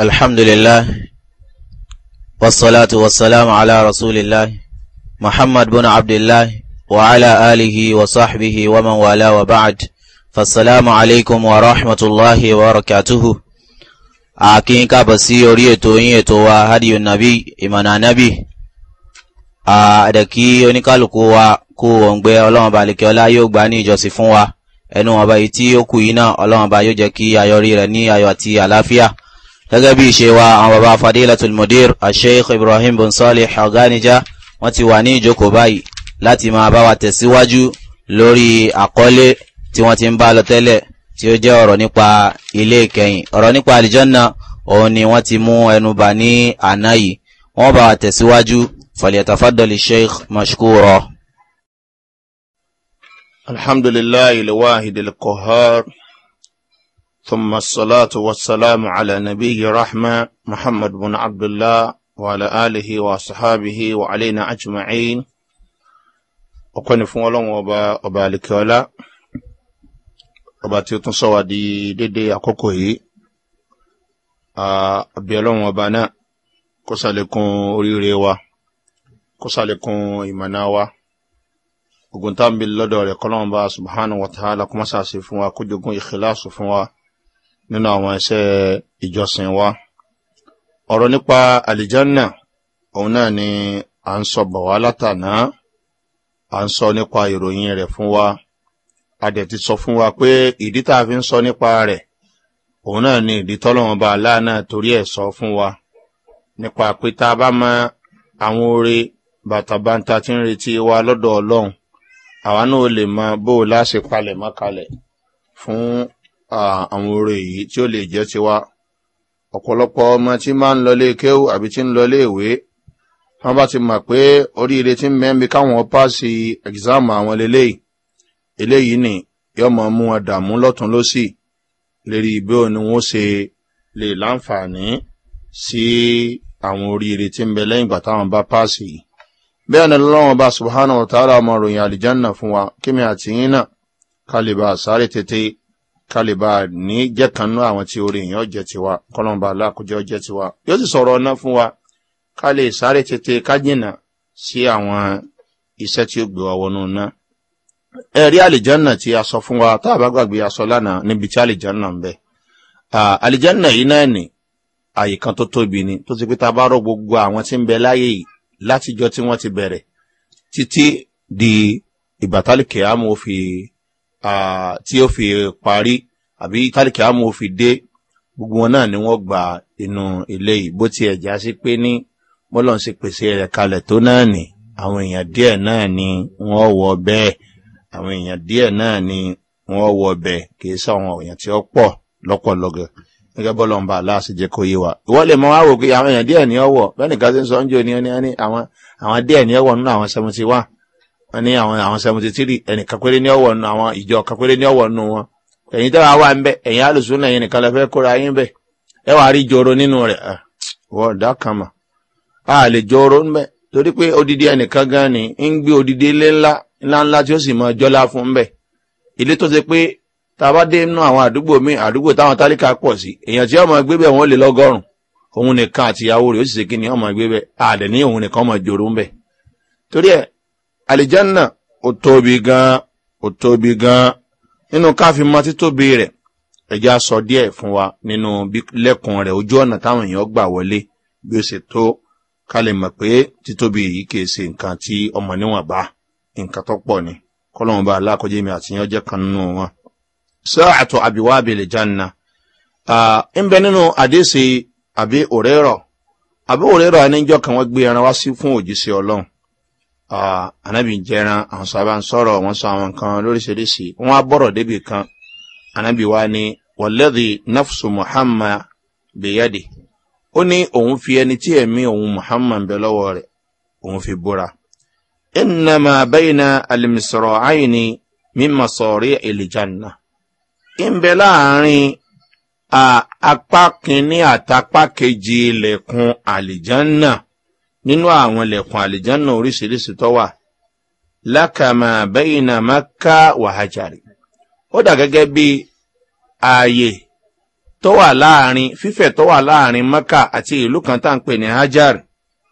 الحمد لله والصلاة والسلام على رسول الله محمد بن عبد الله وعلى آله وصحبه ومن والاه وبعد فالسلام عليكم ورحمة الله وبركاته أكين كابسي أوريتو إيتو وهدي النبي إيمان النبي أدكي oníkálukú wa kú òǹgbẹ ọlọ́run ba lèkẹ́ ọlá yóò gbà ní ìjọsìn fún wa ẹnu ọba yìí tí ó kù gẹ́gẹ́ bí ìṣe wa àwọn baba fadilatul mudir asheikh ibrahim bin salih ọ̀gánijá wọ́n ti wà ní ìjókòó báyìí láti máa bá wa tẹ̀síwájú lórí àkọlé tí wọ́n ti ń bá lọ tẹ́lẹ̀ tí ó jẹ́ ọ̀rọ̀ nípa ilé ìkẹyìn ọ̀rọ̀ nípa àlìjọ́nà òun ni wọ́n ti mú ẹnu bà ní àná yìí wọ́n bá wa tẹ̀síwájú falyatafaddal sheikh mashkura. alhamdulilayi lewahidil kohar. ثم الصلاة والسلام على نبي رحمة محمد بن عبد الله وعلى آله وصحابه وعلينا أجمعين وكن فولون وبا وبالكولا ọba tí ó tún sọ́wà di dédé àkókò yìí àbí ọlọ́run ọba náà kó sàlékún oríire wa kó sàlékún ìmọ̀nà wa ogun tá ń bi lọ́dọ̀ rẹ̀ kọ́lọ́run bá subhanahu wa ta'ala kó má sàṣe fún wa kó jogun ìkìláàsù fún wa nínú àwọn iṣẹ́ ìjọsìn wa ọ̀rọ̀ nípa àlìjánà òun náà ni à ń sọ bọ̀ wá látànà à ń sọ nípa ìròyìn rẹ̀ fún wa a dẹ̀ ti sọ fún wa pé ìdí tá a fi ń sọ nípa rẹ̀ òun náà ni ìdí tọ́lọ́wọ́n bá aláàánà torí ẹ̀ sọ fún wa nípa pé a bá mọ àwọn oore bàtàbàǹtà tí ń retí wa lọ́dọ̀ ọlọ́run àwa náà lè mọ bó o láṣepalẹ̀ mọ́kalẹ̀ fún àwọn oore yìí tí ó lè jẹ́ tiwa ọ̀pọ̀lọpọ̀ ọmọ tí máa ń lọlé kéwù àbí tí ń lọlé ìwé wọ́n bá ti mọ̀ pé oríire tí ń mẹ́mí káwọn páàsì ẹ̀gzáàmù àwọn eléyìí eléyìí ni yóò mọ̀ mú wọn dààmú lọ́tún lọ́sì lérí bí òun ni wọ́n ṣe lè láǹfààní sí àwọn oríire tí ń bẹ lẹ́yìn ìgbà táwọn bá páàsì yìí bẹ́ẹ̀ ni lọ́wọ́n bá subhanahu wa ta'ala ọmọ ròyìn àlìjánà fún wa kíni àtìyín náà ká bá a sáré tètè kálíbà ní jẹ́ kanú àwọn tí orí èèyàn jẹ́ tiwa kọ́lọ́mbà aláàkójọ́ jẹ́ tiwa yóò sì sọ̀rọ̀ ọ̀nà fún wa ká lè sáré tètè ká jìnà sí àwọn iṣẹ́ tí ó gbé wa wọnú ná. ẹ̀rí àlìjánà tí a sọ fún wa tá a bá gbàgbé aṣọ lánàá níbi tí àlìjánà ń bẹ̀. àlìjánà yìí náà nì àyè kan tó tóbi ni tó ti pé ta bá rọ gbogbo àwọn tí ń bẹ láyé yìí látijọ́ tí wọ́n ti bẹ̀rẹ̀ títí di ìbátálìkẹ́ àmọ́ fi tí ó fi parí àbí tálíkì àmú fi dé gbogbo wọn náà ni wọ́n gba inú ilé yìí bó ti ẹ̀já sí pé ní bọ́lọ̀n ṣe pèsè rẹ̀ kalẹ̀ tó náà nì àwọn èèyàn díẹ̀ náà ni wọ́n wọ bẹ́ẹ̀ àwọn èèyàn díẹ̀ náà ni wọ́n wọ bẹ́ẹ̀ kì í sáwọn èèyàn tí ó pọ̀ lọ́pọ̀lọ́gọ̀ gẹ́gẹ́ bọ́lọ̀ ń bá aláàṣẹ jẹ́ kó yé wa ìwọ́ lè mọ wá wò pé àwọn èèyàn díẹ̀ ni ọwọ́ bẹ́ẹ̀ nìkan ṣe ń sọ ń jò ní ọ ní àwọn díẹ̀ ni ọwọ́ nínú àwọn seventy one ní àwọn àwọn seventy three ẹnìkan ní ọwọ nu àwọn ìjọ kan ní ọwọ́ nu wọn ẹ̀yin tẹ́wàá wà ń bẹ̀ ẹ̀yin alùsùn lẹ́yìn nìkan lọ fẹ́ kóra yín bẹ̀ ẹ wàá rí joro nínú rẹ̀ ah, wọ́n mà á lè joro ń torí pé odidi ẹnìkan gan ni ń gbé odidi ilé ńlá ńlá tí ó sì mọ jọlá fún ń bẹ̀ ilé tó ṣe pé tàbá dé nínú àwọn àdúgbò àdúgbò táwọn tálíkà sí èèyàn tí ọmọ lè òun nìkan ó sì ṣe kí ni ọmọ ní òun nìkan ọmọ ń alijanna ò tóbi gan ò tóbi gan nínú káfíń mọ títóbi rẹ̀ ẹja sọ díẹ̀ fún wa nínú lẹ́kùn rẹ̀ ojú ọ̀nà táwọn èèyàn gbà wọlé bí ó ṣe tó ká lè mọ̀ pé títóbi yìí kìí ṣe nǹkan tí ọmọ níwọ̀n bá nǹkan tó pọ̀ ni kọ́lọ́mù bá alákọ̀jẹ́ mi àtìyàn jẹ́ kan nínú wọn. sáàtò àbíwá abèlè jánà ń bẹ nínú àdéṣe àbí òrèrò àbí òrèrò ẹni kan wọ́n gbé ẹran wá sí fún òjíṣẹ́ ọlọ́run anabi jẹran àwọn sábà ń sọ̀rọ̀ wọn sọ àwọn kan lóríṣiríṣi wọn á bọ̀rọ̀ débi kan anabi wa ni wàlẹ́dì nafsu muhammad bèyàdì ó ní òun fi ẹni tí ẹ̀mí òun muhammad bẹ lọ́wọ́ rẹ̀ òun fi búra. ìnàmà bẹ́yìnà alimisọ̀rọ̀ àyìní mímọ̀ sọ̀rí ìlìjànà. ń bẹ láàrin apá kínní àtàpá kejì ilẹ̀kùn àlìjánà nínú àwọn ilẹ̀kùn àlìjánà oríṣiríṣi tó wà lákàmà bẹ́yìnà maka wàhájàre ó dà gẹ́gẹ́ bí ààyè tó wà láàrin fífẹ̀ tó wà láàrin maka àti ìlú kan tá à ń pè ní hajar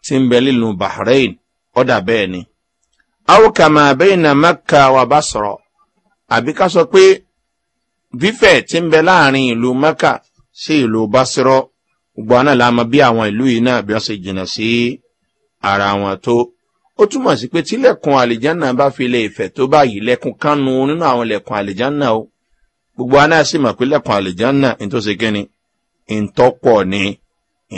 ti ń bẹ lílu bahrain ó dà bẹ́ẹ̀ ni àwòkàmà bẹ́yìnà maka wà bá sọ̀rọ̀ àbí ká sọ pé fífẹ̀ ti ń bẹ láàrin ìlú maka sí ìlú basirọ gbọ́n náà la mọ bí àwọn ìlú yìí náà bí wọ́n ṣe jìnnà sí. Si ara wọn tó ó túmọ̀ sí pé tílẹ̀kùn àlìjánà bá fi lè fẹ̀ tó báyìí lẹ́kùn kánú nínú àwọn lẹ́kùn àlìjánà o gbogbo aná sì mọ̀ pé lẹ́kùn àlìjánà ní tó ṣe kíni ni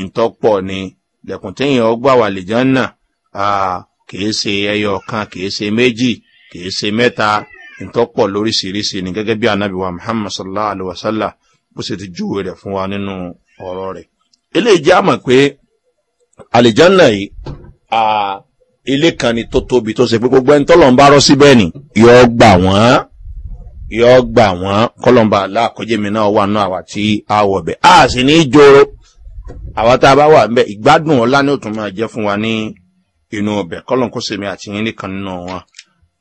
ìtọ́pọ̀ ni lẹ́kùn ọgbà wà àlìjánà kìí ṣe ẹyọ kìí ṣe méjì kìí ṣe mẹ́ta lóríṣiríṣi ni gẹ́gẹ́ ilé kan ni tó tóbi tó ṣe pé gbogbo ẹni tọ́lọ̀ ń bá rọ́ síbẹ̀ ni yọ gbà wọ́n yọ gbà wọ́n kọ́lọ́mbà aláàkọ́jẹ́mi náà wà náà àwa tí a wọ̀ bẹ̀ a sì ní í joro àwa tá a bá wà bẹ́ẹ̀ ìgbádùn ọ̀la ni ó tún máa jẹ́ fún wa ní inú ọbẹ̀ kọ́lọ́n kó sèmi àti yín nìkan nínú wọn.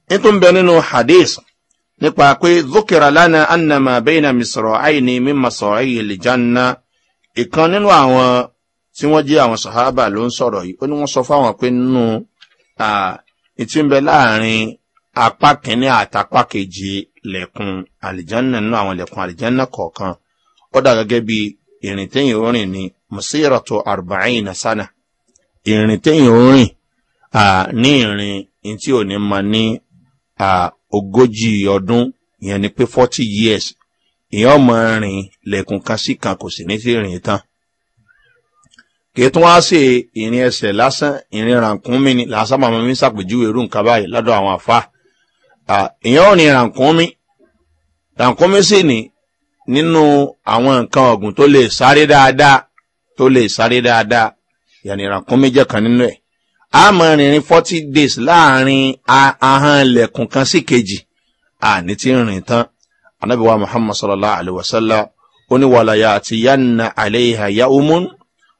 nítorí bẹ nínú hadith nípa pé zokera lana anamabẹ́yìn misrọ̀ àìní mímọ̀ sọ̀rọ̀ àyè lè jẹ́ ńná ìkan nínú àwọn tí wọ́n jẹ́ àwọn sàhábà ló ń sọ̀rọ̀ yìí ó ní wọ́n sọ fáwọn pé nínú ìtí ń bẹ láàrin apá kínní àtàpá kejì lẹ̀kùn àlìjánná nínú àwọn lẹ̀kùn àlìjánná kọ̀ọ̀kan ó dà gẹ́gẹ́ bí ìrìn téyìn orin ni musiratu arba'in nasana ìrìn téyìn orin ní ìrìn tí ò ní ma ní ogójì ọdún ìyẹn ni pé forty years ìyẹn ọmọ rìn lẹ̀kùn kan sí kan kò sì ní sí rìn tán kìtún wá sí ìrìn ẹsẹ̀ lásán ìrìn rànkúnmí ni làásán màmá mi ṣàpèjúwe irú nǹkan báyìí lọ́dọ̀ àwọn àfa ìyẹn ò ní rànkúnmí rànkúnmí sì ní nínú àwọn nǹkan ọ̀gùn tó lè sáré dáadáa tó lè sáré dáadáa yàní rànkúnmí jẹ́ kan nínú ẹ̀ a mọ̀ rìnrìn forty days láàrin ahọ́n ilẹ̀kùn kan sí kejì àní tí ń rìn tán anabiwa muhammad sallallahu alayhi wa sallam oníwàlàyà àti yanna aleyha mun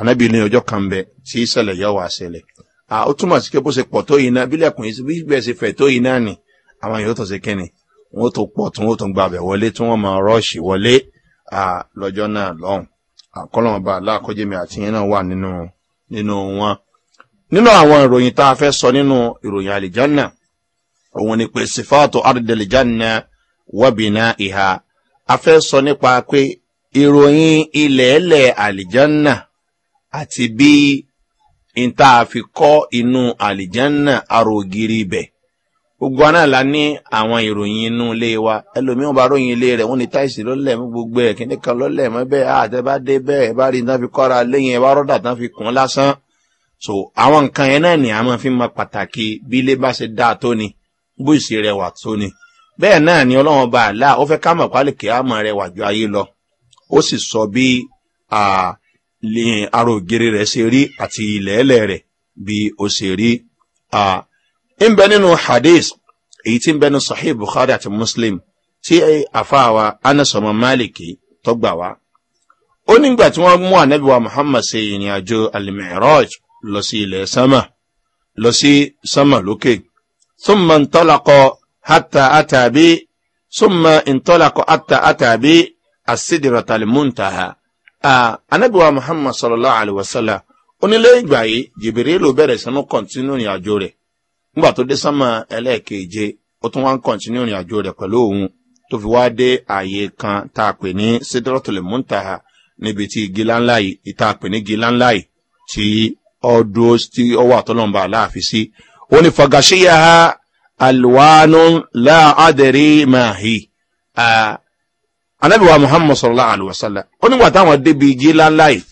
anabi ní ọjọ́ kan bẹ tí ìṣẹ̀lẹ̀ yọ wá ṣẹlẹ̀ à ó túmọ̀ sí pé bó ṣe pọ̀ tó yìí náà bílẹ̀ kùn yìí bí bẹ́ẹ̀ ṣe fẹ̀ tó yìí náà nì àwọn yòó tó ṣe kẹ́ni wọ́n tó pọ̀ tí wọ́n tó gba abẹ̀ wọlé tí wọ́n máa rọ́ọ̀ṣì wọlé lọ́jọ́ náà lọ́hùn àkọlọ́mọba aláàkọ́jẹ́mi àti yẹn náà wà nínú nínú wọn. nínú àwọn ìròyìn tá a fẹ́ sọ nínú ìròyìn àlìjánà òun ni pé sifato ardẹ̀lìjánà wọ́bìnà ìhà a fẹ́ sọ nípa pé ìròyìn ilẹ̀ àlìjánà àti bí ìta fi kọ́ inú àlìjánná arògiri ibẹ̀ gbogbo àná la ní àwọn ìròyìn inú ilé wa ẹlòmíràn bá ròyìn ilé rẹ̀ wọ́n ní táìsì lọ́lẹ̀ mú gbogbo ẹ̀ kíní kan lọ́lẹ̀ mọ́ bẹ́ẹ̀ àtẹ ah, bá dé bẹ́ẹ̀ bá rí tán fi kọ́ra léyìn ẹ̀ bá rọ́dà tán fi kún lásán so àwọn nǹkan yẹn náà ni a máa fi mọ pàtàkì bí ilé bá ṣe dáa tó ni bó ìṣe rẹwà tó ni bẹ́ẹ̀ náà ni ọlọ́run bá àlá ó fẹ́ ká mọ̀ pálíkì àmọ́ rẹwà ju ayé lọ ó sì sọ bí ara ògiri rẹ̀ ṣe rí àti ilẹ̀ẹ́lẹ̀ rẹ̀ bí ó ṣe rí. ń bẹ nínú hadith èyí tí ń bẹ ní sahih bukhari àti muslim tí àfáàwa anasọmọ maliki tọgbà wá. ó nígbà tí wọ́n mú anabiwa muhammad ṣe ìrìn àjò alimiraj lọ sí ilẹ̀ sánmà lọ sí sánmà lókè. ثم انطلق حتى أتى بي ثم انطلق حتى أتى بي السدرة المنتهى anabiwa muhammad sallallahu alaihi wa sallam onílé ìgbà yìí jìbìrì ló bẹ̀rẹ̀ sínú kọ̀ntínú ìrìn àjò rẹ̀ nígbà tó dé sánmà ẹlẹ́ẹ̀keje ó tún wá ń kọ̀ntínú ìrìn àjò rẹ̀ pẹ̀lú òun tó fi wá dé ààyè kan tá a pè ní sidrotile muntaha níbi tí yìí tá a pè ní igi láńlá yìí tí anábìwá muhammad sọ̀rọ̀lá àlùwàsálà ó nígbà táwọn débi igi ńláńlá yìí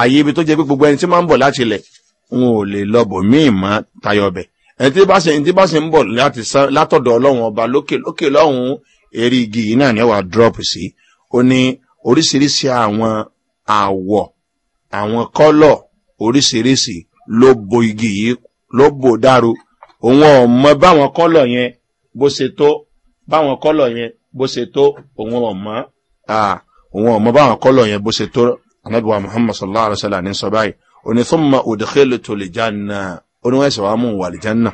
àyè ibi tó jẹ́ pé gbogbo ẹni tí máa ń bọ̀ láti ilẹ̀ wọn ò lè lọ́bọ̀ míì mọ́ tayọ bẹ̀ ẹni tí bá ṣe ẹni tí bá ṣe ń bọ̀ látọ̀dọ̀ ọlọ́run ọba lókè lókè lọ́hùn-ún eré igi yìí náà ni wàá drop sí ó ní oríṣiríṣi àwọn àwọ̀ àwọn kọ́lọ̀ oríṣiríṣi ló bo igi yìí ló bò dáru òun ọ̀ mọ báwọn kọ́lọ̀ yẹn bó ṣe tó báwọn kọ́lọ̀ yẹn bó ṣe tó òun ọ̀mọ́ òun ọ̀mọ́ báwọn kọ́lọ̀ yẹn bó ṣe tó anábìwá muhammad sallallahu alayhi wa sallam ní sọ báyìí òní fún ma òdìkẹ́lẹ̀ tó lè jáná oníwẹ̀sẹ̀ wa mú wà lè jáná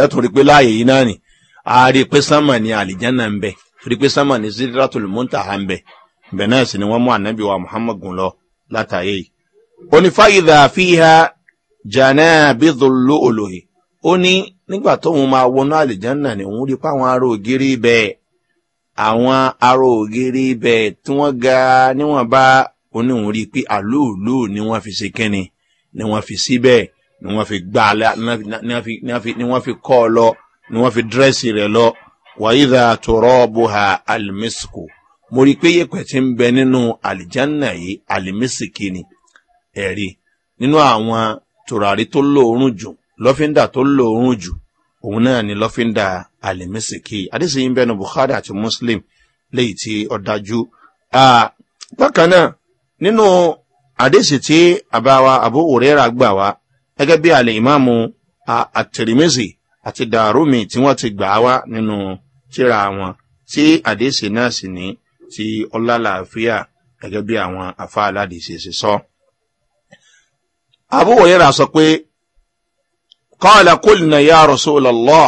ẹ tó rí pé láàyè yìí náà ni a pé sámà ni àlìjáná ń bẹ torí pé sámà ni zidiratul munta ha ń bẹ bẹ̀ náà sì ni wọ́n mú anábìwá muhammad gùn lọ látàyè yìí òní fáyidà fíha bí dùlù olóyè ó ní nígbà tóun máa wọnú àlìjáná ni òun rí pé àwọn ará ògiri bẹ́ẹ̀ àwọn aró ògiri ibẹ̀ tí wọ́n ga níwọ̀n bá oníhùn rí i pé àlóòlò ni wọ́n fi ṣe kínni ni wọ́n fi síbẹ̀ ni wọ́n fi gbà á ni wọ́n fi kọ́ ọ lọ ni wọ́n fi dírẹ́sì rẹ̀ lọ wàyídà tòrọ́ buha mo rí i pé yẹ̀pẹ̀ ti ń bẹ nínú àlìjánà yìí alimisiki ni ẹ̀rí nínú àwọn tòràrí tó lóorùn jù lọ́fíńdà tó lóorùn jù òun náà ni lọ́fíńdà àlèmísìkì àdéṣeyìn bẹ́ẹ̀ ni buhari àti muslim léyìí tí ọ dájú. bákan náà nínú àdéṣe tí àbáwa àbó òrẹ́ra gbà wá gẹ́gẹ́ bí àlè ìmáàmù àtẹ̀rẹ̀mẹ́sì àti dàrúmi tí wọ́n ti gbà wá nínú tíra wọn tí àdéṣe náà sì ní ti ọlálàáfíà gẹ́gẹ́ bí àwọn afáàládìí ṣe sọ. àbó òrẹ́ra sọ pé kọ́ọ̀lá kólìnà yá rọ̀ṣọ́lọ́lọ́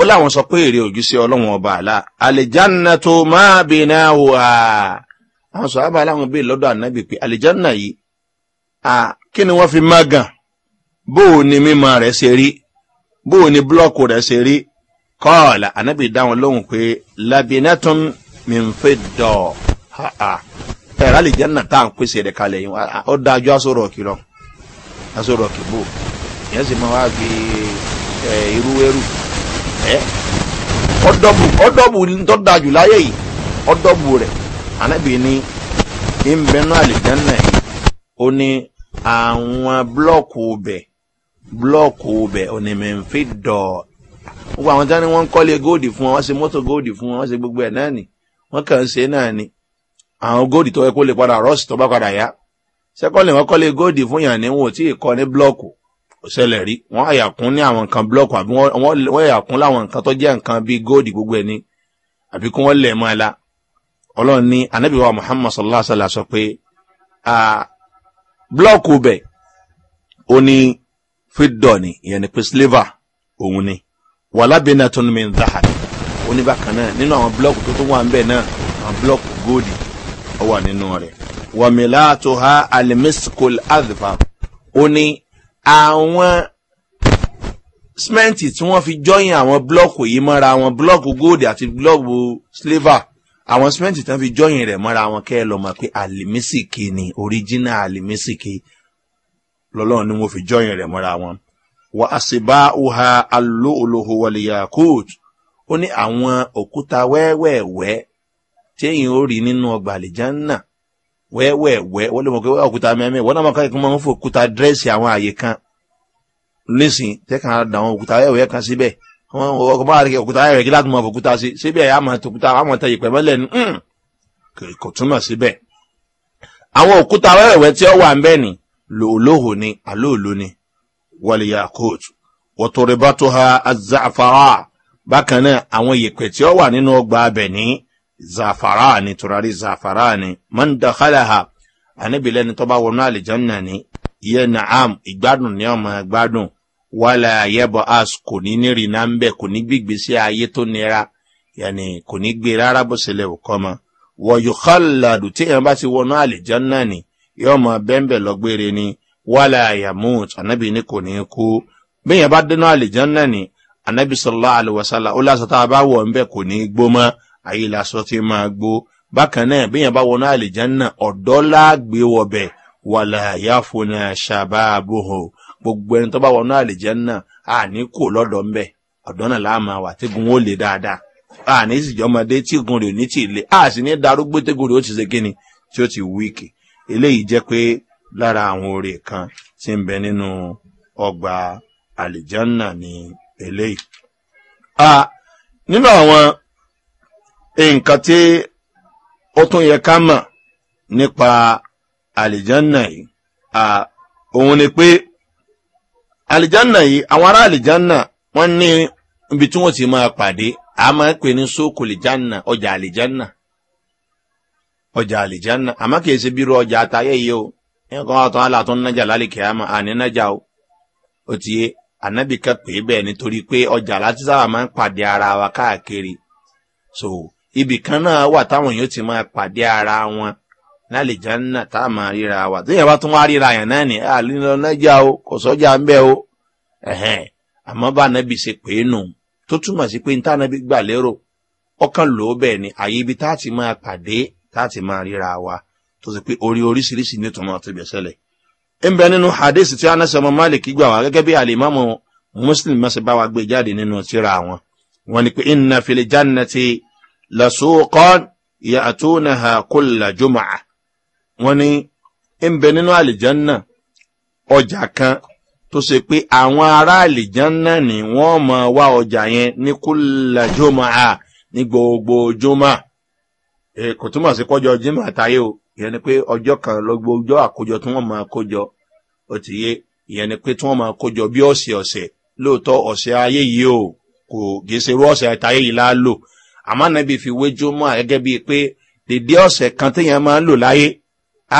ó láwọn sọ pé èrè òjú sí ọlọ́wọ́n ọba àlá àlìjánná tó máa bè náà wà àwọn sọ àbá aláwọn bèè lọ́dọ̀ ànábì pé àlìjánná yìí kí ni wọ́n fi má gàn bó o ní mímọ rẹ̀ ṣe rí bó o ní búlọ́ọ̀kù rẹ̀ ṣe rí kọ́ọ̀lá ànábì dáhùn lóhùn pé labinatun mimfidọ̀ ẹ̀rọ àlìjánná tá à ń pèsè rẹ̀ kalẹ̀ yìí ó dájú aṣọ rọ̀ọ̀kì lọ aṣọ rọ̀ọ̀kì bò ó yẹn sì máa wá fi irú ẹrù ẹ ọdọbù ọdọbù tó da jù láyé yìí ọdọbù rẹ anábì ní ìbẹnú àlìjánná yìí ó ní àwọn blọọkù ọbẹ blọọkù ọbẹ onímẹ̀fẹ́dọ̀ gbogbo àwọn tí wọ́n ń kọ́lé góòdì fún wọn wọ́n ṣe mọ́tò góòdì fún wọn wọ́n ṣe gbogbo ẹ̀ náà ni wọ́n kàn ń ṣe náà ni àwọn góòdì tó yẹ kó lè padà rọ́ọ̀sì tó bá padà yá sẹ́kọ́lì wọn kọ́lé góòdì fún yàn ní wọn ò tí kọ́ ní blọọkù ṣẹlẹ̀ rí wọ́n àyàkún ní àwọn nǹkan blọ́ọ̀kù àbí wọ́n àyàkún láwọn nǹkan tó jẹ́ nǹkan bíi góòdì gbogbo ẹ̀ ni àbí kí wọ́n lẹ̀ mọ́ ẹ la ọlọ́run ní anábìwá muhammad sallallahu alayhi wa sallam sọ pé blọ́ọ̀kù bẹ̀ ó ní fídọ̀ ni ìyẹn ni pé sliver òun ni wàlábìnrin tó ní mi ń dáhà ó ní bákan náà nínú àwọn blọ́ọ̀kù tó tún wà ń bẹ̀ náà àwọn blọ́ọ̀kù góòdì ó wà nínú rẹ̀ wàmílà ha alimisukul adìbà ó ní àwọn símẹ́ǹtì tí wọ́n fi jọ́yìn àwọn blọ́ọ̀kù yìí mọ́ra àwọn blọ́ọ̀kù gold àti blọ́ọ̀kù silver àwọn símẹ́ǹtì tí wọ́n fi jọ́yìn rẹ̀ mọ́ra àwọn kẹ́ ẹ lọ pé àlìmísìkì ni original àlìmísìkì lọ́lọ́run ni wọ́n fi jọ́yìn rẹ̀ mọ́ra wọn. wà á sì bá uha alóòlóho wọlé yakut ó ní àwọn òkúta wẹ́wẹ́wẹ́ téèyàn ó rí nínú ọgbà àlìjáná wẹ́wẹ́wẹ́ wọ́n lè mọ̀ pé òkúta mẹ́mẹ́ wọ́n náà máa kọ́ máa ń fò òkúta dírẹ́sì àwọn àyè kan lẹ́sìn tẹ́kàn àdà àwọn òkúta wẹ́wẹ́ kan síbẹ̀ wọ́n ọkọ̀ bá rẹ̀ òkúta rẹ̀ kí láti mọ̀ òkúta sí síbẹ̀ yà máa tòkúta àmọ̀ tẹ̀yẹ̀ pẹ̀ mọ́lẹ̀ ní hmm. kò túmọ̀ síbẹ̀. àwọn òkúta wẹ́wẹ́ tí ó wà ń bẹ́ẹ̀ ni lòlóhò ni àlóòló ni wàlíyà kóòtù wọ́tòrìbátò ha azáfàrà bákan náà àwọn ìyẹ̀pẹ̀ tí ó wà nínú ọgbà abẹ̀ ní zafarani turari zafarani man dakhalaha anabi lẹni tó bá wọnú àlìjánná ni iye naam ìgbádùn ni ọmọ ìgbádùn wàhálà yẹbọ as kò ní nírì náà ń bẹ kò ní gbígbé sí ayé tó nira yẹni kò ní gbé rárá bó ṣe lè kọ́ mọ́ wọ̀yùkọ́làdù tí èèyàn bá ti wọnú àlìjánná ni yóò mọ bẹ́ńbẹ̀ lọ́gbére ni wàhálà yamut anabi ni kò ní kú bí bá dénú àlìjánná ni anabi sọlá àlùwàsálà ó lásán tá a bá wọ̀ ń bẹ kò ní gbó mọ́ ayé lásọ tí máa gbó bákan náà bí yẹn bá wọnú àlìjánná ọ̀dọ́ láàgbé wọbẹ̀ wàlà yáfónà ṣàbáàbòhò gbogbo ẹni tó bá wọnú àlìjánná àní kò lọ́dọ̀ ńbẹ ọ̀dọ́ náà láàmà wà tẹ́gun ó lè dáadáa àní ìsìjọmọdé tígun rè ní tìlé àṣì ní darúgbó tẹ́gun rè ó ti ṣe kíni tí ó ti wíìkì eléyìí jẹ́ pé lára àwọn oore kan ti ń bẹ nínú ọgbà àlìjánná ni eléyìí. nínú àwọn nǹkan tí ó tún yẹ ká mọ̀ nípa àlìjánà yìí òun ni pé àlìjánà yìí àwọn ará àlìjánà wọ́n ní ibi tí wọ́n ti máa pàdé a máa ń pè ní ọjà ọjà kìí ṣe ọjà o nǹkan wà tó ń látọ̀ nájà lálẹ́ kìámà àní nájà o ó ti yé ànábìkan pè é bẹ́ẹ̀ nítorí pé ọjà láti sábà máa ń so ibì kan náà wà táwọn èèyàn ti máa pàdé ara wọn lálejò náà tá a máa ríra wa téèyàn bá tún wá ríra yàn náà ní àlìlọ nájà o kò sọjà ń bẹ o àmọ́ bá nábì ṣe pé nù tó túmọ̀ sí pé níta nábì gbà lérò ọkàn lò bẹ́ẹ̀ ni àyè ibi tá a ti máa pàdé tá a ti máa ríra wa tó sì pé orí oríṣiríṣi nítumọ̀ ti bẹ̀ sẹ́lẹ̀ ń bẹ nínú hadith tí anas ọmọ malik gbà wá gẹ́gẹ́ bí alimami muslim mẹ́sẹ̀ bá wa gbé jáde nínú tíra wọn wọn ni pé ìnà fìlẹ̀ jannati lasuqan يأتونها كل جمعة. وني ní ń bẹ nínú àlìjánná ọjà kan tó ṣe pé àwọn ará àlìjánná ni wọ́n mọ̀ wá ọjà yẹn ní kulla jum'a ní gbogbo jum'a kò túmọ̀ sí kọjọ jimá táyé o ìyẹn ni pé ọjọ́ kan lọ́gbọ́jọ́ àkójọ tí wọ́n máa kójọ ó ti yé ìyẹn ni pé tí wọ́n máa kójọ bí ọ̀sẹ̀ ọ̀sẹ̀ lóòótọ́ ọ̀sẹ̀ ayé yìí o kò gèsè rú ọ̀sẹ̀ táyé yìí láálò àmọ́ nàbí fi wé jómọ́ gẹ́gẹ́ bíi pé dèdè ọ̀sẹ̀ kan téèyàn máa ń lò láyé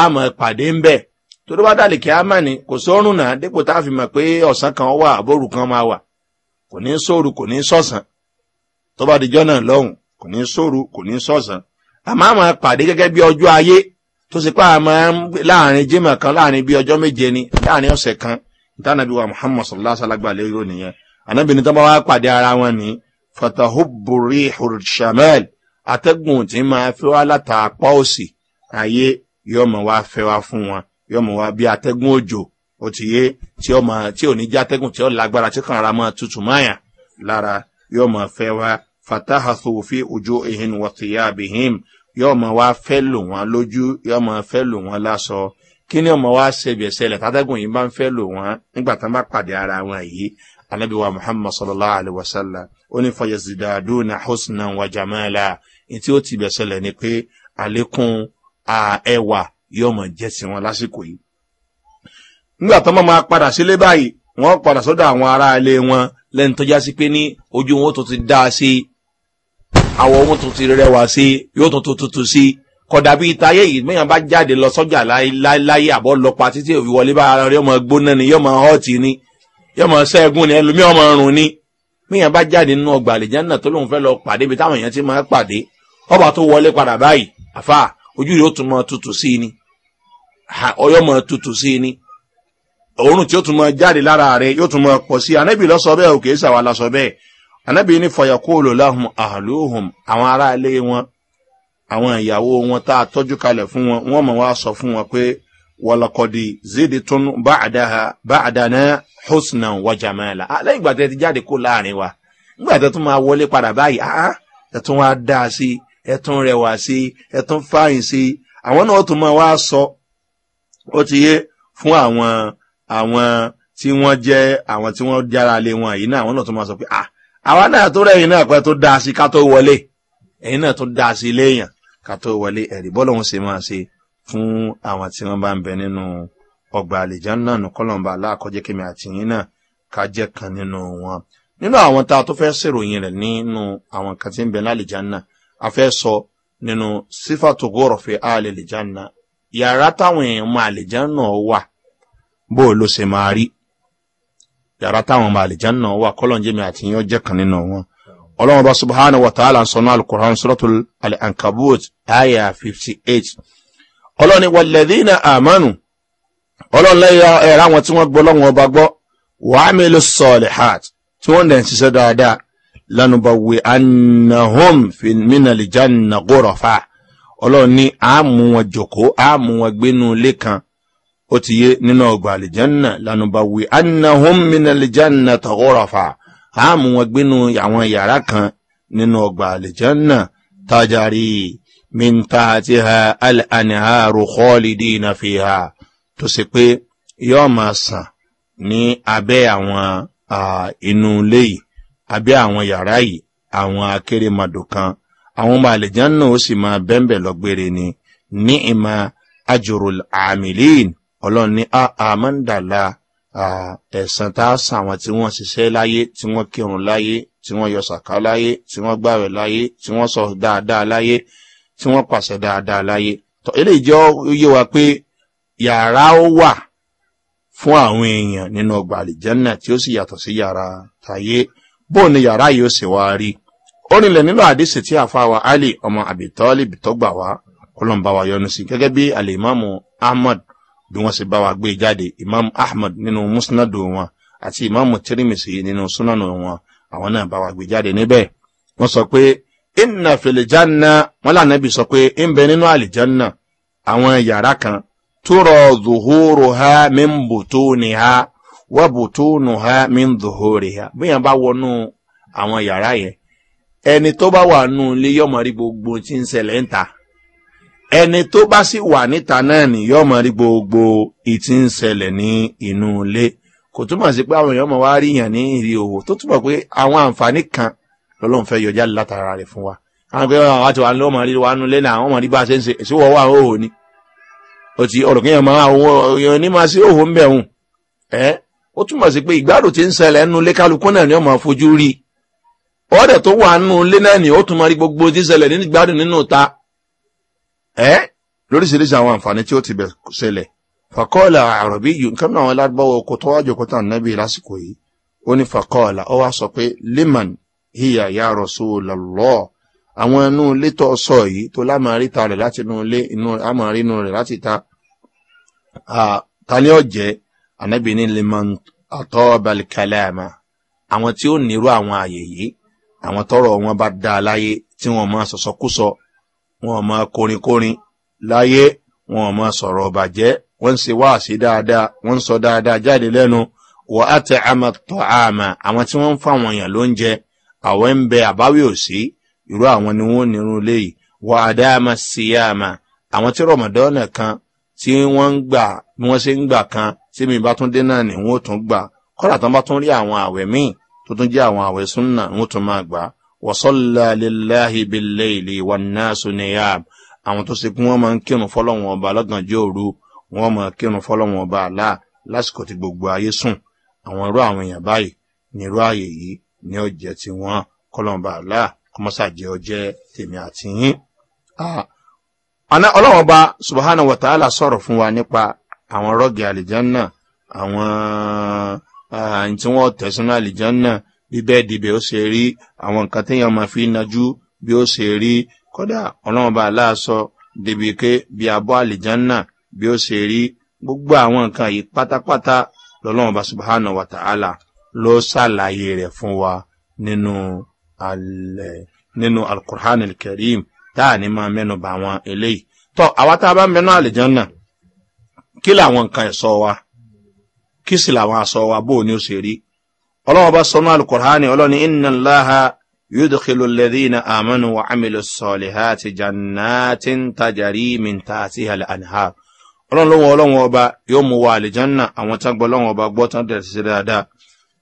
àmọ́ pàdé ń bẹ̀ torí wá dàlẹ̀ kí á mà ní kò sórùn náà dípò tá a fi mọ̀ pé ọ̀sán kan wà àbórù kan máa wà kò ní sóru kò ní sọ̀sán tó bá dijọ́ náà lọ́hùn kò ní sóru kò ní sọ̀sán àmọ́ àmọ́ pàdé gẹ́gẹ́ bí ọjọ́ ayé tó sì pa àmọ́ láàrin jimá kan láàrin bí ọjọ́ méje ni láàrin ọ̀sẹ̀ kan ìtànàbí wa sallallahu alayhi wa fatahuburi shamal atẹ́gùn tí máa fẹ́ wá láta apá òsì ayé yóò mọ̀ wá fẹ́ wá fún wọn yóò mọ̀ wá bí atẹ́gùn òjò ó ti yé tí ó mọ̀ tí ò ní já atẹ́gùn tí ó lágbára tí kàn ra mọ́ tutù máyà lára yóò mọ̀ fẹ́ wá fatahathu fi ojú ehin wọ̀tíyà abihim yóò mọ̀ wá fẹ́ lò wọ́n lójú yóò mọ̀ fẹ́ lò wọ́n lásọ kí ni ọmọ wa ṣe bẹ̀ṣẹ̀lẹ̀ tátẹ́gùn yìí bá ń fẹ́ lò wọ́n nígbà tán bá pàdé ara wọn yìí anabi wa muhammad sallallahu alaihi wa sallam ó ní fayazidaduna husna wa jamala etí ó ti bẹ̀sẹ̀lẹ̀ ni pé àlékún ẹwà yóò mọ̀ jẹ́ sí wọn lásìkò yìí. nígbà tó máa padà sílé báyìí wọ́n padà sọ́dọ̀ àwọn ará ilé wọn lẹ́nu tó já sí pé ní ojú wọn tó ti dá a sí àwọ̀ wọn tó ti rẹwà sí yóò tó tó tutù sí kọ̀dà bíi táyé yìí mẹ́yàn bá jáde lọ sọ́jà láyé àbọ̀ lọ títí òfi wọlé bá ara rẹ̀ ọmọ gbóná ni yọmọ họ́ọ̀tì ni yóò mọ sẹ́gun ni ẹlòmíì ọmọ ọrùn ni míyàn bá jáde nínú ọgbà àlejò náà tó lóun fẹ́ lọ pàdé ibi táwọn èèyàn ti máa pàdé ọba tó wọlé padà báyìí àfa ojú yóò tún máa tutù sí i ni ọyọ́ máa tutù sí i ni òórùn tí ó tún máa jáde lára rẹ yóò tún máa pọ̀ sí i anábì lọ sọ bẹ́ẹ̀ òkè é sàwà la sọ bẹ́ẹ̀ anábì ní fọyàkóòlò láhùn àlóhùn àwọn aráalé wọn àwọn ìyàwó wọn tá a tọ́jú kalẹ̀ fún wọn wọ́n mọ̀ wá sọ fún wọn pé wọlọkọdì ziditun bàdànà husna wajamala ah, lẹyìn ìgbà tẹ ti jáde kó láàrin wa nígbà tẹ tún máa wọlé padà báyìí ah, ah ẹ tún wá dá a sí ẹ tún rẹwà sí ẹ tún fáyìn sí àwọn náà tún máa wá sọ ó ti yé fún àwọn àwọn tí wọn jẹ àwọn tí wọn jára lé wọn yìí náà àwọn náà tún máa sọ pé ah àwa náà tó rẹyìn náà pẹ tó dá a sí ká tó wọlé ẹyin náà tó dá a sí léèyàn ká tó wọlé ẹrí bọ́lọ́hún ṣe máa ṣe fún àwọn tí wọ́n bá ń bẹ nínú ọgbà àlejò náà nù kọ́lọ́mbà aláàkọ́jẹ́ kẹmi àtìyìn náà ká jẹ́ kan nínú wọn. nínú àwọn tá a tó fẹ́ ṣèròyìn rẹ̀ nínú àwọn kan tí ń bẹ lálejò náà a fẹ́ sọ nínú sífàtò gòròfin àlejò náà yàrá táwọn èèyàn mọ àlejò náà wà bó ló ṣe máa rí yàrá táwọn ọmọ àlejò náà wà kọ́lọ́njẹ́mi àtìyìn ọjẹ́ kan nínú wọn ọlọ́run bá subahana wa ta'ala sọ̀nà alukur'an suratul al-ankabut aya fifty eight ọlọ́ni wàlẹ́dínà àmánù ọlọ́ni lẹ́yìn ẹ̀rọ àwọn tí wọ́n gbọ́ lọ́wọ́ ọba gbọ́ wàhámẹ́lú sọ̀lẹ̀ hàt tí wọ́n dẹ̀ ń ṣiṣẹ́ dáadáa lánàbàwé anahom minalija nagorofa ọlọ́ni àmú wọn jòkó àmú wọn gbénu ilé kan ó ti yé nínú ọgbà àlìjánná lánàbàwé anahom minalija natagorofa àmú wọn gbénu àwọn yàrá kan nínú ọgbà àlìjánná tajari min taatiha al-anharu kholidina fiha tó ṣe pé yóò máa sàn ní abẹ́ àwọn inú ilé yìí abẹ́ àwọn yàrá yìí àwọn akérèmọdò kan àwọn ọmọ àlejàn náà ó sì máa bẹ́ńbẹ̀ lọ́gbére ni ní ìmọ̀ ajurul amilin ọlọ́run ní amandala ẹ̀sán tá a sàn àwọn tí wọ́n ṣiṣẹ́ láyé tí wọ́n kírun láyé tí wọ́n yọ sàká láyé tí wọ́n gbàwẹ̀ láyé tí wọ́n sọ tí wọ́n pàṣẹ dáadáa láyé tọ́ eléyìí jẹ́ yé wa pé yàrá ó wà fún àwọn èèyàn nínú ọgbà àlìjẹ́nà tí ó sì yàtọ̀ sí yàrá tayé bóun ni yàrá yìí ó sì wá rí ó nílẹ̀ nílò àdìsí tí àfáwa ali ọmọ àbítọ́lì bìtọ́gbà wá ọlọ́mùbá wa yọnu sí gẹ́gẹ́ bí alimami ahmed bí wọ́n sì bá wa gbé jáde imam ahmed nínú musnadu wọn àti imam tirimisi nínú sunanu wọn àwọn náà bá wa gbé jáde níbẹ̀ wọ́n sọ pé inna filijanna wọn lànà bí sọ pé ń bẹ nínú àlìjanna àwọn yàrá kan tó rọ zuhuru ha mi ń bùtó ni ha wọ́n bùtó nu ha mi ń zuhuri ha bí bá wọnú àwọn yàrá yẹn ẹni tó bá wà nù lé yọmọ rí gbogbo tí ń ṣẹlẹ̀ ń ta ẹni tó bá sì wà níta náà ní yọmọ rí gbogbo ìtí ń ṣẹlẹ̀ ní inú ilé kò túmọ̀ sí pé àwọn yọmọ mọ̀ wá rí yàn ní ìrì òwò tó túmọ̀ pé àwọn àǹfààní kan lọ́lọ́run fẹ́ yọjá látara rẹ̀ fún wa àwọn pé àwọn àti wà ní ọmọ rí wa nú lẹ́nà àwọn ọmọ rí bá ṣe ń ṣe èsì wọ́wọ́ àwọn òhò ni ó ti ọ̀rọ̀ kíyàn máa àwọn èèyàn ní máa sí òhò ń bẹ̀ hùn ẹ́ ó túmọ̀ sí pé ìgbádùn ti ń ṣẹlẹ̀ nú lé kálukú náà ni ọmọ fojú rí ọ̀dẹ̀ tó wà nú lé náà ni ó tún máa rí gbogbo ti ṣẹlẹ̀ nínú ìgbádùn nínú ta ẹ́ lóríṣiríṣi àwọn àǹfààní tí ó ti ṣẹlẹ̀ fàkọ́ọ̀là àròbí yìí nǹkan náà wọn lágbọ́wọ́ kó tọ́wájú kó tàn nábì yìí ó ní fàkọ́ọ̀là ó wá sọ pé lehman híyà yà rọ̀ṣọ́ lọ́lọ́ àwọn inú ilé tó sọ yìí tó lámàárí ta rẹ̀ láti inú ilé inú àmàárí inú rẹ̀ láti ta tálẹ́ ọ̀jẹ́ anábìíní lè mọ àtọ́ balikálẹ̀ àmà àwọn tí ó nírú àwọn àyè yìí àwọn tọrọ wọn bá dáa láyé tí wọn máa sọsọkúsọ wọn máa korinkorin láyé wọn máa sọrọ bàjẹ wọn ń se wáàsí dáadáa wọn sọ dáadáa jáde lẹnu wọ àtẹ àmà tọ àmà àwọn tí wọn ń fáwọn èèyàn ló ń jẹ àwẹ̀ ń bẹ àbáwí òsì irú àwọn ni wọ́n nírun léyìí wà á dáama sí i àmà àwọn tí rọmọdọ́nà kan tí wọ́n ń gbà bí wọ́n ṣe ń gbà kan tí mi bá tún dé náà ni wọ́n tún gbà kọ́lá tán bá tún rí àwọn àwẹ̀ míì tó tún jẹ́ àwọn àwẹ̀ súnà wọ́n tún máa gbà wọ́sọ́lá lélẹ́hì bílẹ̀ ìlì wà náà sunìyà àwọn tó ṣe kí wọ́n máa ń kírun fọlọ́wọn ọba lọ́gànjọ́ òru wọ́n máa kírun fọlọ́wọn ọba àlá lásìkò tí gbogbo ayé sùn àwọn irú àwọn èèyàn báyìí ní irú ààyè yìí ní ọ̀jẹ̀ tí wọ́n kọ́lọ́mbà àlá kọ́mọ́sàjẹ́ ọjẹ́ tèmi àti yín. ọlọ́wọ́n bá subahana wàtàlá sọ̀rọ̀ fún wa nípa àwọn rọ́gì àlìjánná àwọn àyìn tí wọ́n tẹ̀sán àlìjánná bíbẹ́ di bí ó ṣe rí àwọn nǹkan téèyàn máa fi najú bí ó ṣe rí kódà ọlọ́wọ́n bá aláàsọ débi ké bí abọ́ àlìjánná bí ó ṣe rí gbogbo àwọn nǹkan yìí pátápátá lọ́lọ́wọ́n bá subahana wàtàlá ló ṣàlàyé rẹ̀ fún wa nínú alẹ̀ nínú alukur'an kẹrìm tá a ní máa mẹ́nu bá àwọn eléyìí tọ́ àwa tá a bá mẹ́nu àlìjánná kí làwọn nǹkan ẹ̀sọ́ wa kí sì làwọn aṣọ wa bó o ní o ṣe rí ọlọ́wọ́n bá sọnú alukur'an ọlọ́ni iná láha yóò dùkìlù lẹ́dínà àmọ́nù wa amílù sọ̀lìhà ti jannati tajàrí mìta àti hàlẹ́ àníhà ọlọ́wọ́n ọlọ́wọ́n ọba yóò mú wa àlìjánná àwọn tágbọ́ ọlọ́wọ́n ọba gbọ́ tán tẹ̀sí dáadáa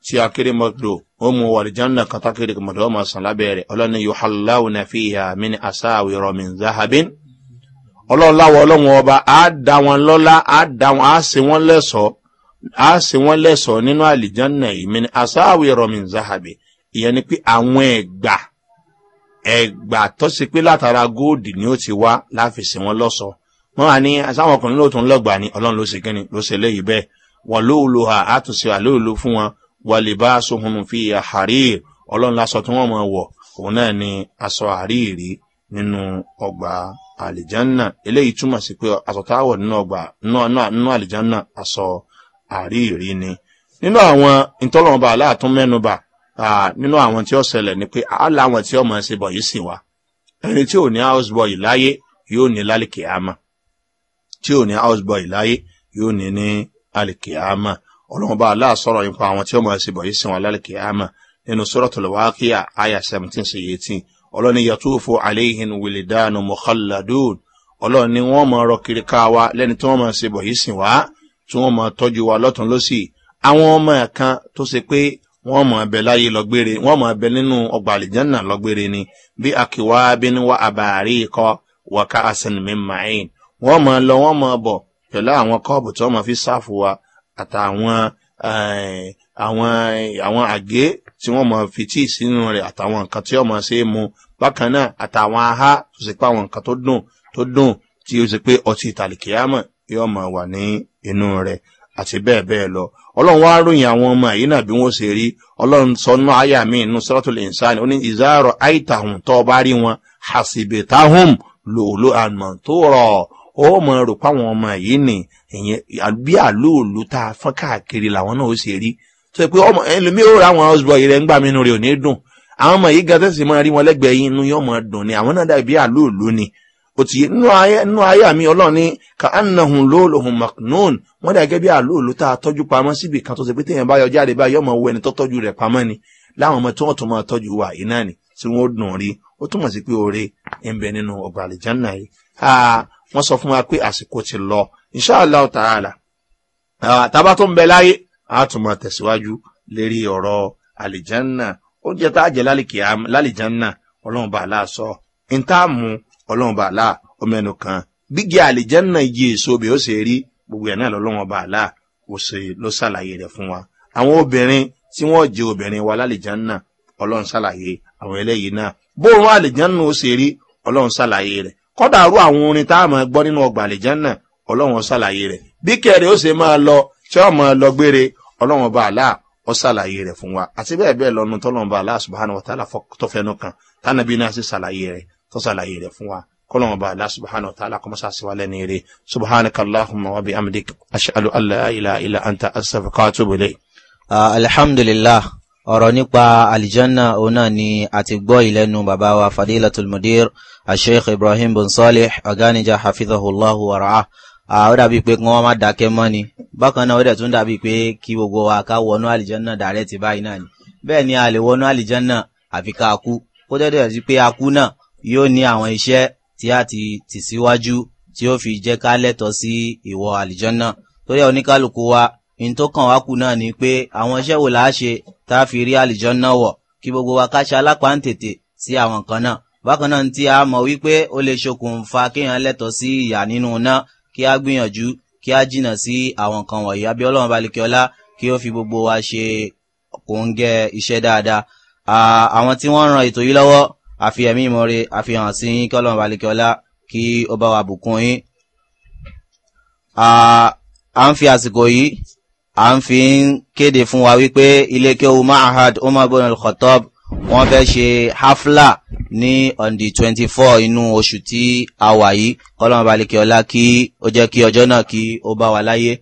tí akérèmọdò wọn mú wàlìjánná kan tákérèmọdò wọn máa sàn lábẹ́rẹ́ ọlọ́ni yóò haláwò náà fi ìhà mí ní asáàwì rọmi zahabin ọlọ́láwọ̀ ọlọ́wọ́n ọba á da wọn lọ́lá á da wọn á se wọn lẹ́sọ̀ọ́ á se wọn lẹ́sọ̀ọ́ nínú àlìjánná yìí mí ní asáàwì rọmi zahabin ìyẹn ni pé àwọn ẹ̀gbà ẹ̀gbà tó ṣe pé látara góòdì ni ó ti wá láfi se wọn lọ́sọ̀ọ́ wọn wà ní sáwọn ọkùnrin lóòótọ́ ńlọgbà ni ọlọ́run ló ṣe kíni ló ṣe léyìí bẹ́ẹ̀ wọ́n lóòlò ha á tún ṣe àlóòlò fún wọn wàlìbáṣohun fi àhàrír ọlọ́run lásọ tí wọ́n mọ̀ wọ̀ òun náà ni aṣọ àríìrí nínú ọgbà àlìjánà eléyìí túmọ̀ sí pé aṣọ táwọ̀ nínú ọgbà nínú àlìjánà aṣọ àríìrí ni nínú àwọn ìtọ́lọ́mọba aláàtún mẹ́nuba nínú àwọn tí ó ṣẹlẹ̀ ni pé àálà àwọn tí ó mọ̀ ṣe bọ̀ yìí sì wá ẹni tí ò ní house boy láyé yóò ní lálìkè àmà tí ò ní house boy láyé yóò ní ní àlìkè ọlọ́run bá aláà sọ̀rọ̀ nípa àwọn tí ó máa ṣe bọ̀ yìí sìn wọn lálẹ́kẹ̀ àmà nínú sọ́rọ̀tò lọ́wọ́kíyà àyà seventeen sí eighteen ọlọ́ni yàtúfò àléhìn wìlìdánù mọ̀kànládùn ọlọ́run ni wọ́n máa rọ kiri ká wa lẹ́ni tí wọ́n máa ṣe bọ̀ yìí sìn wá tí wọ́n máa tọ́jú wa lọ́tún lọ́sì àwọn ọmọ kan tó ṣe pé wọ́n máa bẹ láyé lọ́gbére wọ́n máa bẹ nínú ọgbà àlìjánà lọ́gbére ni bí akiwa bínú wa àbàárí kọ wọ́ká asin mi màáyìn wọ́n máa lọ wọ́n máa bọ̀ pẹ̀lú àwọn kọ́ọ̀bù tí wọ́n máa fi sáfù wa àtàwọn eh, àwọn àwọn àgé tí wọ́n mọ̀ fi tíì sínú rẹ̀ àtàwọn nǹkan tí ọmọ ṣe é mu bákan náà àtàwọn aha tó sì pé àwọn nǹkan tó dùn tó dùn tí ó sì pé ọtí ìtàlìkìyàmọ̀ yóò mọ̀ wà ní inú rẹ̀ àti bẹ́ẹ̀ bẹ́ẹ̀ lọ ọlọ́run wá ròyìn àwọn ọmọ yìí náà bí wọ́n ṣe rí ọlọ́run sọnù àyà mi inú sọ́tò lè ń sáni ó ní ìzáàrọ̀ àìtàhùn tó bá rí wọn àsìbètàhùn lòlò àmọ̀ tó rọ̀ ó mọ rò páwọn ọmọ yìí nì ìyẹn bí àlóòlù tá a fọ́n káàkiri làwọn náà ó ṣe rí tó yẹ pé ọmọ ẹlòmíì ó ra àwọn ọsùbọ̀ yìí rẹ̀ ń gbà mí inú rẹ̀ ò ní dùn àwọn ọmọ yìí gan tẹ̀sí máa rí wọn lẹ́gbẹ̀ẹ́ yín inú yóò dùn ni àwọn náà dàbí àlóòlù ni ó ti nínú ayé àmì ọlọ́run ní ka anahun lóòlòhùn macnoon wọ́n dà gẹ́gẹ́ bí àlóòlù tá a tọ́jú pamọ́ síbi kan tó ṣe pé téèyàn bá yọ jáde báyìí ọmọ wo ẹni tó tọ́jú rẹ̀ pamọ́ ni láwọn ọmọ tí wọ́n tún máa tọ́jú wà yìí náà ni tí wọ́n dùn rí ó túmọ̀ sí pé oore ń bẹ nínú ọgbà àlìjáná yìí ah, wọ́n sọ fún wa pé àsìkò ti lọ inṣàlá ọ̀tàràlà àtàbà tó ń bẹ láyé àtúmọ̀ tẹ̀síwájú lérí ọ̀rọ̀ àlìjánná oúnjẹ tá a jẹ lálìjánná ọlọ́run bàálà sọ ntààmú ọlọ́run bàálà ọmọ ẹnu kan gbígbé àlìjánná iye èso bí ó ṣe rí gbogbo ẹ̀ náà lọ́lọ́run bàálà kò ṣe ló ṣàlàyé rẹ̀ fún wa àwọn obìnrin tí wọ́n jẹ obìnrin wa lálìjánná ọlọ́run ṣàlàyé àwọn eléyìí náà bóun àlìjánná ó ṣe rí ọlọ́run ṣàlàyé rẹ̀ kọ́dàrú àwọn orin tá a máa gbọ́ nínú ọgbà àlìjánà ọlọ́run ṣàlàyé rẹ̀ bí kẹrẹ̀ ó ṣe máa lọ tí ó máa lọ gbére ọlọ́run bá àlá ọ ṣàlàyé rẹ̀ fún wa àti bẹ́ẹ̀ bẹ́ẹ̀ lọ́nu tọ́lọ́run bá àlá subahana wa ta'ala tọ́fẹ́nu kan tánàbí náà ṣe ṣàlàyé rẹ̀ tọ́ ṣàlàyé rẹ̀ fún wa kọ́lọ́run bá àlá subahana wa ta'ala kọ́mọ́sá sí wa lẹ́ni rẹ̀ subahana kàlláhùn wa bí amdik aṣáálu allah ilà anta asafika tóbulẹ. alhamdulilah asheikh ibrahim bin salih aganija hafizahullahu waraah ó dàbí pé kí wọ́n má dákẹ́ mọ́ ni bákan náà ó dẹ̀ tún dàbí pé kí gbogbo wa ká wọnú àlìjánná dàrẹ́ ti báyìí náà ni bẹ́ẹ̀ ni a lè wọnú àlìjánná àfi ká kú kó tó dẹ̀ sí pé a kú náà yóò ní àwọn iṣẹ́ tí a ti tì síwájú tí ó fi jẹ́ ká lẹ́tọ̀ọ́ sí ìwọ àlìjánná torí oníkálukú wa ní tó kàn wá kù náà ni pé àwọn iṣẹ́ wo là tá a fi rí àlìjánná wọ̀ kí gbogbo wa ká ṣe alápá ń tètè sí àwọn kan náà bákan náà tí a mọ̀ wípé ó lè ṣokùnfà kéèyàn lẹ́tọ̀ọ́ sí ìyà nínú iná kí a gbìyànjú kí a jìnà sí àwọn nǹkan wọ̀nyí àbí ọlọ́run balikẹ́ọ́lá kí ó fi gbogbo wa ṣe kòńgẹ́ iṣẹ́ dáadáa àwọn tí wọ́n ran ètò yìí lọ́wọ́ àfi ẹ̀mí ìmọ̀re àfihàn sí yín kí ọlọ́run balikẹ́ọ́lá kí ó bá wa bùkún yín. à ń fi àsìkò yìí à ń fi kéde fún wa wípé ilé kéwu mahad umar bin al-khattab wọ́n fẹ́ ṣe hafla ní on the twenty four inú oṣù tí a wà yìí kọ́lọ́mọ balẹ̀kẹ́ ọlá kí ó jẹ́ kí ọjọ́ náà kí ó bá wa láyé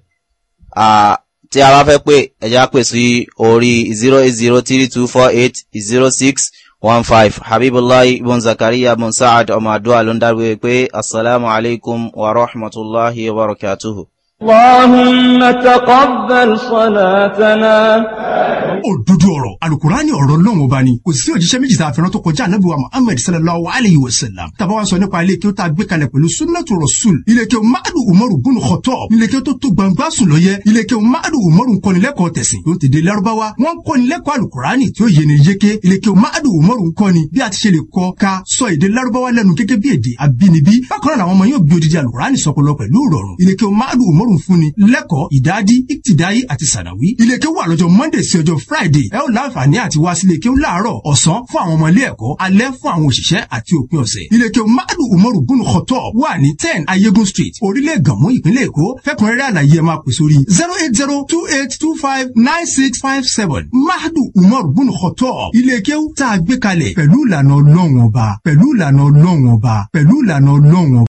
tí a bá fẹ́ pè ẹ̀já pè sí orí zero eight zero three two four eight zero six one five habibullahi ibn zakariya ibn sa'ad ọmọ adua ló ń dárúgbé pé asalaamualeykum wa rahmatulahi wa barakatuhu. اللهم تقبل صلاتنا òdodo ọ̀rọ̀ alukurani ọ̀rọ̀ lọ́wọ́ bá ni kò sí òjíṣẹ́ méjì tá a fẹ́ràn tó kọjá anabiwa muhammed sallallahu alayhi wa sallam tàbá wa sọ nípa ilé kí tá a gbé kalẹ̀ pẹ̀lú sunnatu rasul ilé kí madu umaru bunu kọtọ ilé kí tó tó gbangba sùn lọ ilé kí madu umaru nkọnilẹ́kọ̀ọ́ tẹ̀sìn tó ti ṣe larubawa lẹ́nu kéké alukurani sọpọlọ ìdákọ́rùn fún ni lẹ́kọ̀ọ́ ìdádí ìtìdáyé àti sàdáwí. iléeké wà lọ́jọ́ monday sí ọjọ́ friday ẹ ó láǹfààní àti wá síléeké láàárọ̀ ọ̀sán fún àwọn ọmọ ilé ẹ̀kọ́ alẹ́ fún àwọn òṣìṣẹ́ àti òpin ọ̀sẹ̀. iléeké madu umaru bunu kọtọ wà ní ten ayégun street orílẹ̀ gànmú ìpínlẹ̀ èkó fẹ́kùnrẹ́rẹ́ àlàyé ẹ máa pè sórí zero eight zero two eight two five nine six five seven madu umaru bunu kọtọ iléeké tá a gbé kalẹ̀ pẹ̀lú ìlànà ọlọ́run ọba pẹ̀lú ìlànà ọlọ́run ọba pẹ̀lú ìlànà